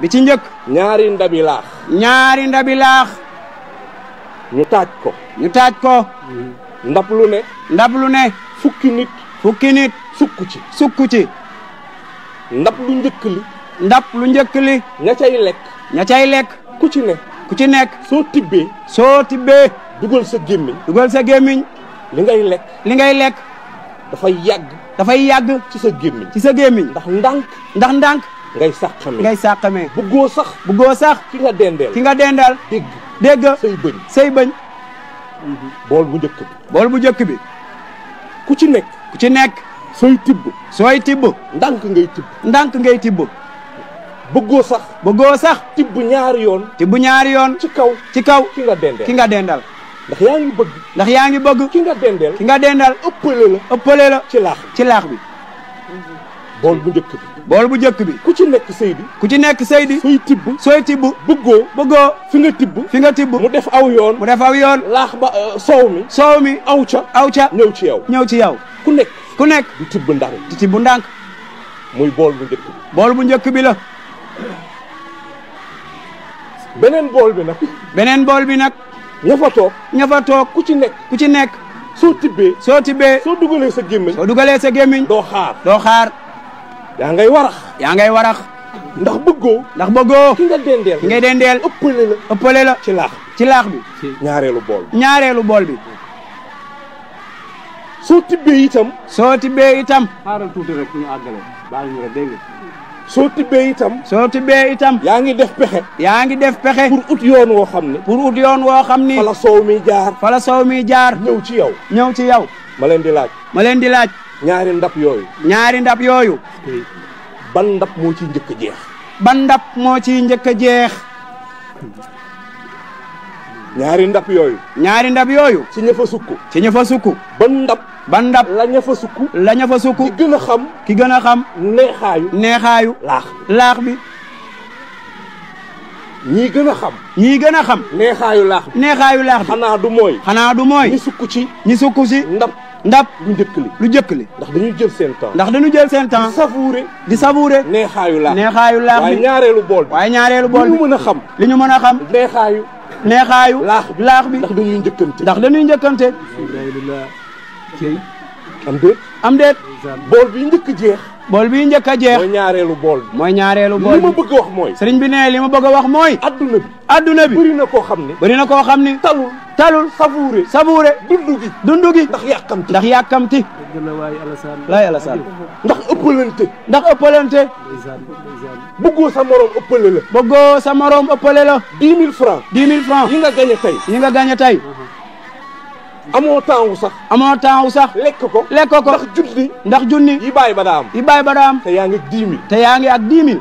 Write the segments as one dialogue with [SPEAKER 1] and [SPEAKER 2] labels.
[SPEAKER 1] bi ci njëkk ñaari ndabi laax ñaari ndabi laax ñu taaj ko ñu taaj ko ndab lu ne ndab lu ne fukki nit fukki nit sukk ci sukk ci ndab lu njëkk li ndab lu njëkk li ña cay lekk ña cay lekk ku ci ne ku ci nekk soo tibbee soo tibbee dugal sa gémmiñ dugal sa gémmiñ li ngay lekk li ngay lekk dafay yàgg dafay yàgg ci sa ci sa gémmiñ ndax ndànk ndax ndànk ngay sàqame ngay sàqame buggoo sax buggoo sax ki nga dendeel ki nga dendeel dégg dégg say bëñ say bëñ bool bu njëkk bi bool bu njëkk bi ku ci nekk ku ci nekk sooy tibb sooy tibb ndànk ngay tibb ndànk ngay tibb bëggoo sax bëggoo sax tibb ñaari yoon tibb ñaari yoon ci kaw ci kaw ki nga dendeel nga dendeel ndax yaa ngi bëgg ndax yaa ngi bëgg ki nga dendeel ki nga dendeel ëppale la ëppale ci laax bi bool bu njëkk bi bool bu njëkk bi ku ci nekk sëy ku ci nekk sëy bi sooy tibb sooy tibb bëggoo bëggoo fi nga tibb fi nga tibb mu def aw yoon mu def aw ba euh, soow soow mi aw ca aw ca ñëw ci yow ñëw ci yow ku nekk ku nekk di tibb ndànk di tibb ndànk muy bool bu bool bu njëkk bi la beneen bool bi nag beneen bool bi nag ña fa toog toog ku ci nekk ku ci nekk soo tibbee soo tibbee soo dugalee sa gémmiñ soo dugalee sa gémmiñ doo xaar doo xaar yaa ngay warax yaa ngay warax ndax bëggoo ndax bëggoo ki nga dendeel ki nga dendeel ëppale la ëppale la ci laax ci laax bi ñaareelu bool bi ñaareelu bool bi soo tibbee itam soo tibbee itam tuuti rek ñu ñu rek dégg soo tibbee itam soo yaa ngi def pexe yaa ngi def pexe pour ut yoon wo xam ne pour ut yoon woo xam ni fala soow mi jaar fala mi jaar ci yow ñëw ci yaw ma leen di laaj ñaari ndab yooyu. ñaari ndab yooyu. ban ndab moo ci njëkk a jeex. ban ndab moo ci njëkk a jeex. ñaari ndab yooyu. ñaari ndab yooyu. ci ña fa sukk. ci ña fa sukk. ban ndab. ban ndab la ña fa sukk. la ña fa sukk. ki gën a xam. ki gën a xam. neexaayu. neexaayu. laax bi. ñii gën a xam. ñii gën a xam. neexaayu laax bi. neexaayu laax bi. xanaa du mooy. xanaa du ñi sukk ci. ñi sukk ci ndap lu njëkk li lu njëkk li ndax dañuy jël seen temps ndax dañu jël seen temps di savourer di savourer neexaayu laax neexaayu laax ñaareelu bool bi waaye ñaareelu bool bi mën a xam li mën a xam neexaayu neexaayu laax bi laax bi ndax dañuy njëkkante ndax dañuy njëkkante am déet am déet bool bi njëkk jeex bool bi njëkk a jeex mooy ñaareelu bool bi mooy ñaareelu bool bi li wax mooy sëriñ bi ne li ma bëgg a wax mooy adduna bi adduna bi bëri na koo xam ne bëri na koo xam ne talul sabuure sabuure dundu gi dundu gi ndax yàkkamti ndax yàkkamti laay alasaan ndax ëppalante ndax ëppalante bëggoo sa morom ëppale la bëggoo sa morom ëppale la dix mille francs dix mille francs yi nga gañe tey yi nga gañe tey amoo temps wu sax. amoo temps wu sax. lekk ko lekk ko ndax junni. ndax junni yi bàyyi ba daa te yaa ngi ak dix mille. te yaa ngi ak dix mille.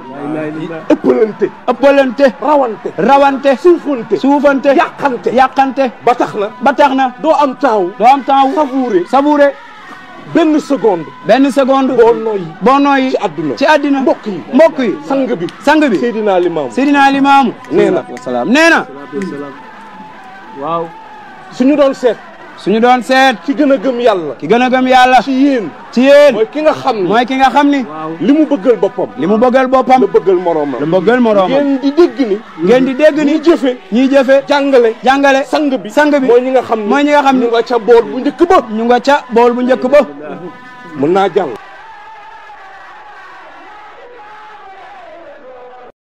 [SPEAKER 1] rawante. rawante. suufante. suufante. yàqante. yàqante. ba tax na. ba tax na doo am temps wu. doo am temps benn seconde. benn seconde. boo ci àdduna. ci àdduna mbokk yi. mbokk yi sang sang bi Seydina Limaamu. Seydina Limaamu. nee na. doon seet. suñu doon seet ki gën a gëm yàlla ki gën a gëm yàlla ci yéen ci yéen mooy ki nga xam ni mooy ki nga xam ni li mu bëggal boppam li mu bëggal boppam la bëggal moroomam la bëggal moroomam ngeen di dégg ni ngeen di dégg ni ñuy jëfe ñuy jëfe jàngale jàngale sang bi sang bi mooy ñi nga xam ni mooy ñi nga xam ni ñu nga ca bool bu njëkk ba ñu nga ca bool bu njëkk ba mën naa jàll